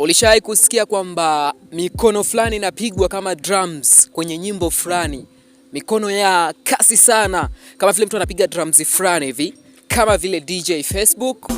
Ulishawahi kusikia kwamba mikono fulani inapigwa kama drums kwenye nyimbo fulani, mikono ya kasi sana, kama vile mtu anapiga drums fulani hivi, kama vile DJ Facebook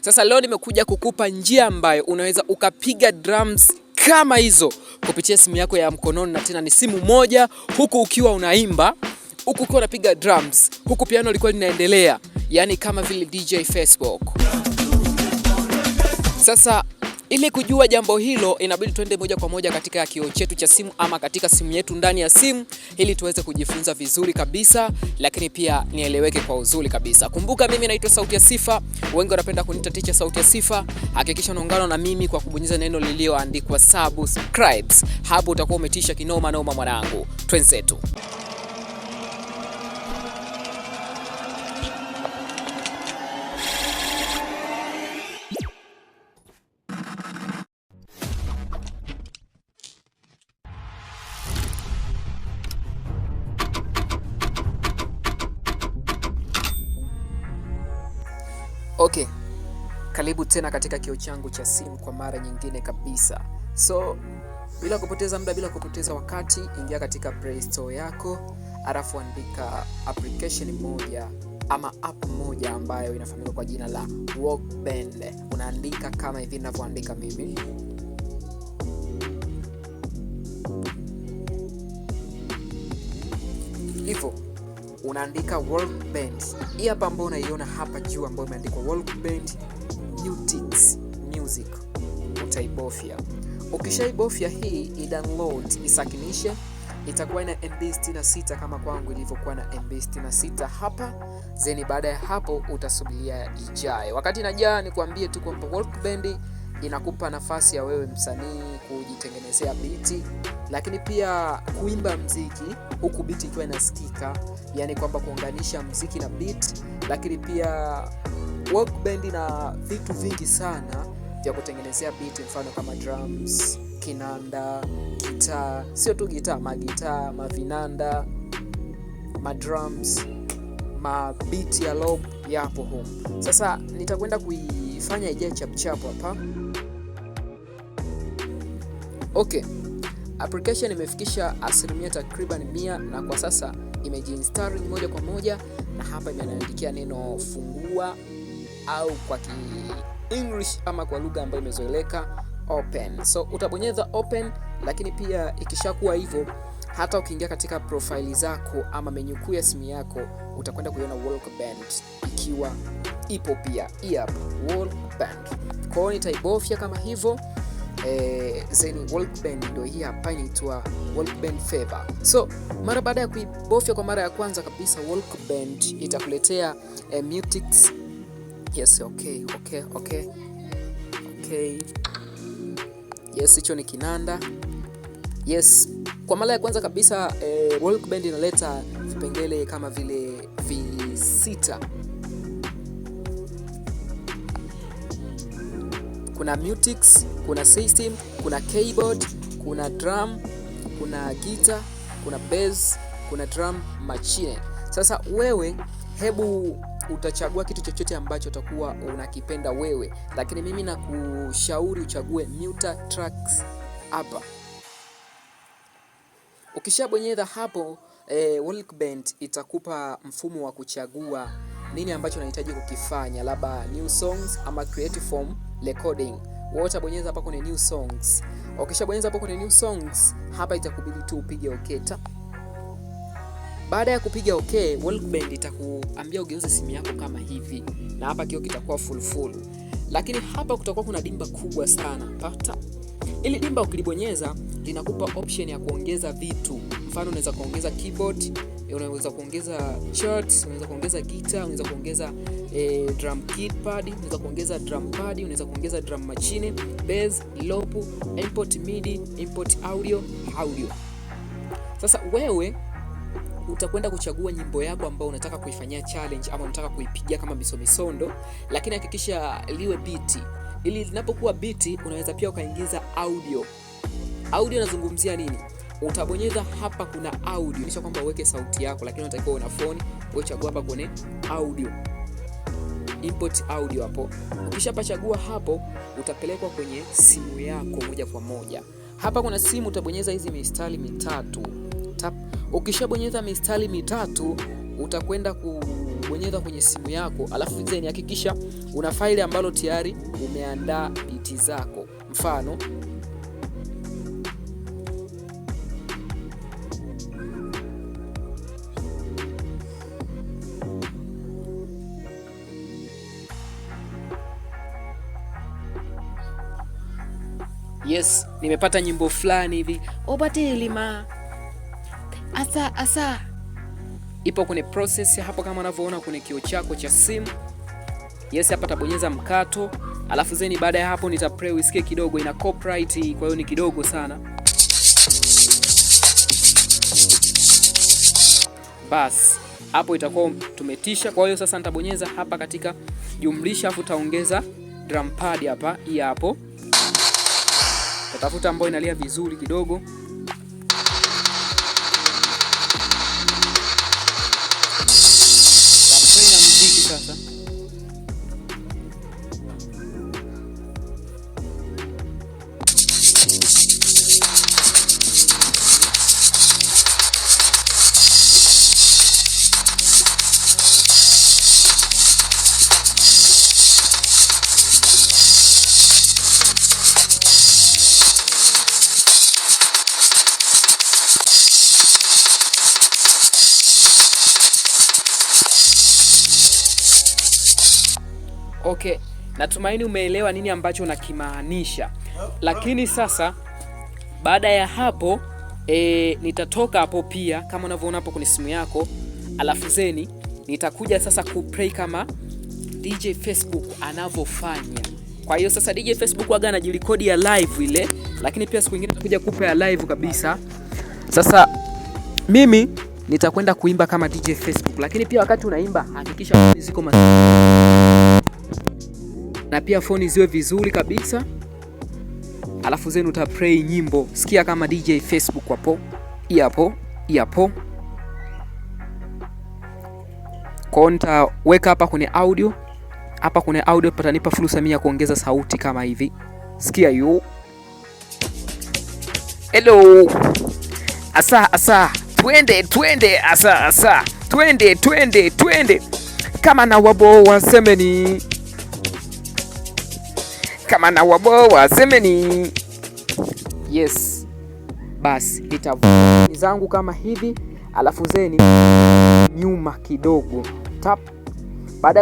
Sasa leo nimekuja kukupa njia ambayo unaweza ukapiga drums kama hizo kupitia simu yako ya mkononi, na tena ni simu moja, huku ukiwa unaimba, huku ukiwa unapiga drums, huku piano likuwa linaendelea, yani kama vile DJ Facebook. Sasa ili kujua jambo hilo inabidi tuende moja kwa moja katika kioo chetu cha simu ama katika simu yetu ndani ya simu ili tuweze kujifunza vizuri kabisa, lakini pia nieleweke kwa uzuri kabisa. Kumbuka mimi naitwa Sauti ya Sifa, wengi wanapenda kuniita Teacher Sauti ya Sifa. Hakikisha unaungana na mimi kwa kubonyeza neno lilioandikwa subscribes. Hapo utakuwa umetisha kinoma noma mwanangu, twenzetu. Okay. Karibu tena katika kio changu cha simu kwa mara nyingine kabisa. So bila kupoteza muda, bila kupoteza wakati, ingia katika Play Store yako, alafu andika application moja ama app moja ambayo inafahamika kwa jina la Workbench. Unaandika kama hivi ninavyoandika mimi. Hivyo unaandika band. Hii hapa ambayo unaiona hapa juu ambayo imeandikwa Workbench Newtix Music, utaibofya. Ukishaibofya hii i-download, isakinishe, itakuwa ina MB 66 kama kwangu ilivyokuwa na MB 66 hapa zeni. Baada ya hapo utasubiria ijae. Wakati inajaa, nikwambie tu kwamba Workbench inakupa nafasi ya wewe msanii kujitengenezea biti, lakini pia kuimba mziki huku biti ikiwa inasikika, yani kwamba kuunganisha mziki na beat, lakini pia workband na vitu vingi sana vya kutengenezea beat, mfano kama drums, kinanda, gitaa, sio tu gitaa, magitaa, mavinanda, madrums, mabiti ya lob yapo huko. Sasa nitakwenda kuifanya ijae chapchapo hapa. Okay. Application imefikisha asilimia takriban mia na kwa sasa imejiinstall moja kwa moja, na hapa imeandikia neno fungua au kwa ki English ama kwa lugha ambayo imezoeleka open. So utabonyeza open, lakini pia ikishakuwa hivyo, hata ukiingia katika profaili zako ama menyu kuu ya simu yako utakwenda kuiona Walkband ikiwa ipo pia Yep, hapa Kwa hiyo nitaibofya kama hivyo eh, Zeni Workband ndio hii hapa inaitwa Workband Fever. So mara baada ya kuibofya kwa mara ya kwanza kabisa Workband itakuletea eh, mutix. Yes, okay, okay, okay. Okay. Yes, hicho ni kinanda. Yes, kwa mara ya kwanza kabisa eh, Workband inaleta vipengele kama vile visita kuna mutix, kuna system, kuna keyboard, kuna drum, kuna guitar, kuna bass, kuna drum machine. Sasa wewe hebu utachagua kitu chochote ambacho utakuwa unakipenda wewe, lakini mimi nakushauri uchague Muta Tracks hapa. Ukishabonyeza hapo, eh, Walkband itakupa mfumo wa kuchagua nini ambacho unahitaji kukifanya, labda new songs ama creative form recording. Utabonyeza hapa kwenye new songs. Ukishabonyeza hapo kwenye new songs, hapa itakubidi tu upige okay Baada ya kupiga okay, Workbench itakuambia ugeuze simu yako kama hivi, na hapa kio kitakuwa full full, lakini hapa kutakuwa kuna dimba kubwa sana pata. Ili dimba ukilibonyeza linakupa option ya kuongeza vitu Mfano, unaweza kuongeza keyboard, unaweza kuongeza shorts, unaweza kuongeza guitar, unaweza kuongeza eh, drum kit pad, unaweza kuongeza drum pad, unaweza kuongeza drum machine, bass, loop, import midi, import audio, audio. Sasa wewe utakwenda kuchagua nyimbo yako ambayo unataka kuifanyia challenge ama unataka kuipigia kama misomisondo, lakini hakikisha liwe biti, ili linapokuwa biti unaweza pia ukaingiza audio. Audio nazungumzia nini? utabonyeza hapa kuna audio, nisha kwamba uweke sauti yako, lakini unatakiwa una phone. Chagua hapa kwenye audio, import audio hapo. Ukishapachagua hapo, utapelekwa kwenye simu yako moja kwa moja. Hapa kuna simu, utabonyeza hizi mistari mitatu tap. Ukishabonyeza mistari mitatu, utakwenda kubonyeza kwenye simu yako, alafu zeni, hakikisha una faili ambalo tayari umeandaa biti zako, mfano Yes, nimepata nyimbo fulani hivi obatilima asa asa, ipo kwenye process hapo kama unavyoona kwenye kio chako cha simu. Yes, hapa tabonyeza mkato, alafu zeni, baada ya hapo nitaplay usikie kidogo, ina copyright, kwa hiyo ni kidogo sana. Bas hapo itakuwa tumetisha. Kwa hiyo sasa nitabonyeza hapa katika jumlisha, afu taongeza drum pad hapa, hii hapo tafuta ambayo inalia vizuri kidogo Okay, natumaini umeelewa nini ambacho nakimaanisha, lakini sasa baada ya hapo e, nitatoka hapo pia kama unavyoona hapo kwenye simu yako, alafu zeni nitakuja sasa kuplay kama DJ Facebook anavyofanya. Kwa hiyo sasa DJ Facebook waga anajirekodi ya live ile, lakini pia siku nyingine nitakuja kupa ya live kabisa. Sasa mimi nitakwenda kuimba kama DJ Facebook, lakini pia wakati unaimba hakikisha ziko na pia foni ziwe vizuri kabisa, alafu zenu utaplay nyimbo. Sikia kama DJ Facebook hapo, hapo, hapo kwao. Nitaweka hapa kwenye audio, hapa kwenye audio patanipa fursa mimi ya kuongeza sauti kama hivi. Sikia yu. hello, asa asa, twende twende, asa asa, twende twende twende, kama na waboa semeni kama na semeni. Yes, basi nitavua zangu kama hivi, alafu zeni nyuma kidogo tap. Baada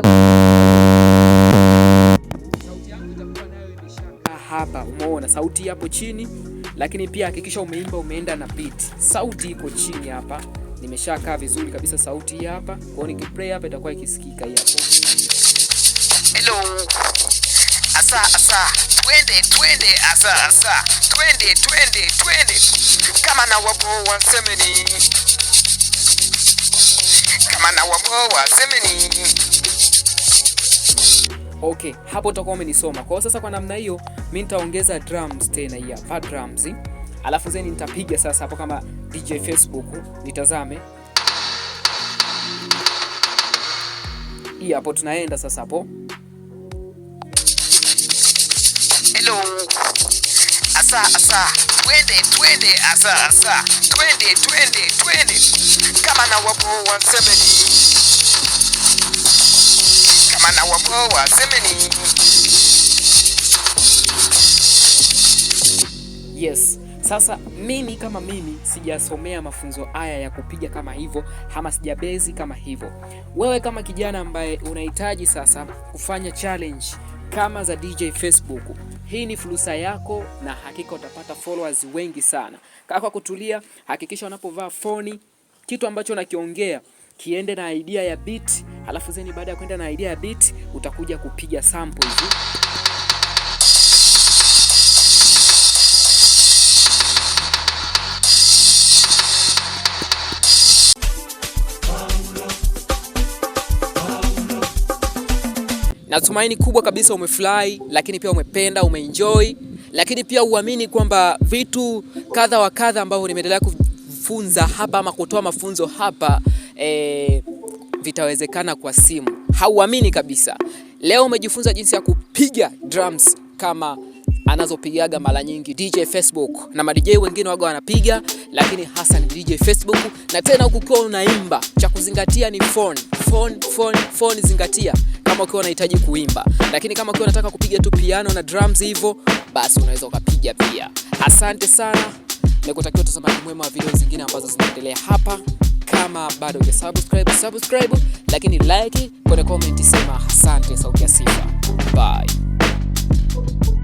hapa, umeona sauti hapo chini, lakini pia hakikisha umeimba umeenda na beat. Sauti iko chini hapa, nimeshakaa vizuri kabisa sauti hapa kwao, nikiplay hapa itakuwa ikisikika hapo asa asa, twende twende asa asa, twende twende twende, kama na wabo wa semeni kama na wabo wa semeni Okay, hapo utakuwa umenisoma. Kwa hiyo sasa, kwa namna hiyo mimi nitaongeza drums tena hii hapa drums. Alafu zeni nitapiga sasa hapo kama DJ Facebook, nitazame. Hii hapo tunaenda sasa hapo hello. Asa asa, twende twende, asa asa, twende twende twende, kama na wapo wa semeni kama na wapo wa semeni Yes. Sasa mimi kama mimi sijasomea mafunzo haya ya kupiga kama hivyo ama sijabezi kama hivyo. Wewe kama kijana ambaye unahitaji sasa kufanya challenge kama za DJ Facebook hii ni fursa yako na hakika utapata followers wengi sana. Kaa kwa kutulia, hakikisha unapovaa foni kitu ambacho unakiongea kiende na idea ya beat, alafu zeni baada ya kwenda na idea ya beat utakuja kupiga sample hizi. Natumaini kubwa kabisa umefurahi, lakini pia umependa, umeenjoy, lakini pia uamini kwamba vitu kadha wa kadha ambavyo nimeendelea kufunza hapa ama kutoa mafunzo hapa e, vitawezekana kwa simu. Hauamini kabisa. Leo umejifunza jinsi ya kupiga drums kama anazopigaga mara nyingi DJ Facebook na madj wengine waga wanapiga, lakini hasa ni DJ Facebook. Na tena huku ukiwa unaimba, cha kuzingatia ni phone, phone, phone, phone, zingatia kama ukiwa unahitaji kuimba, lakini kama ukiwa unataka kupiga tu piano na drums hivyo, basi unaweza ukapiga pia. Asante sana, nikutakia utazamaji mwema wa video zingine ambazo zinaendelea hapa. Kama bado hujasubscribe, subscribe, lakini like kwenye comment sema asante, sauti ya sifa. Bye.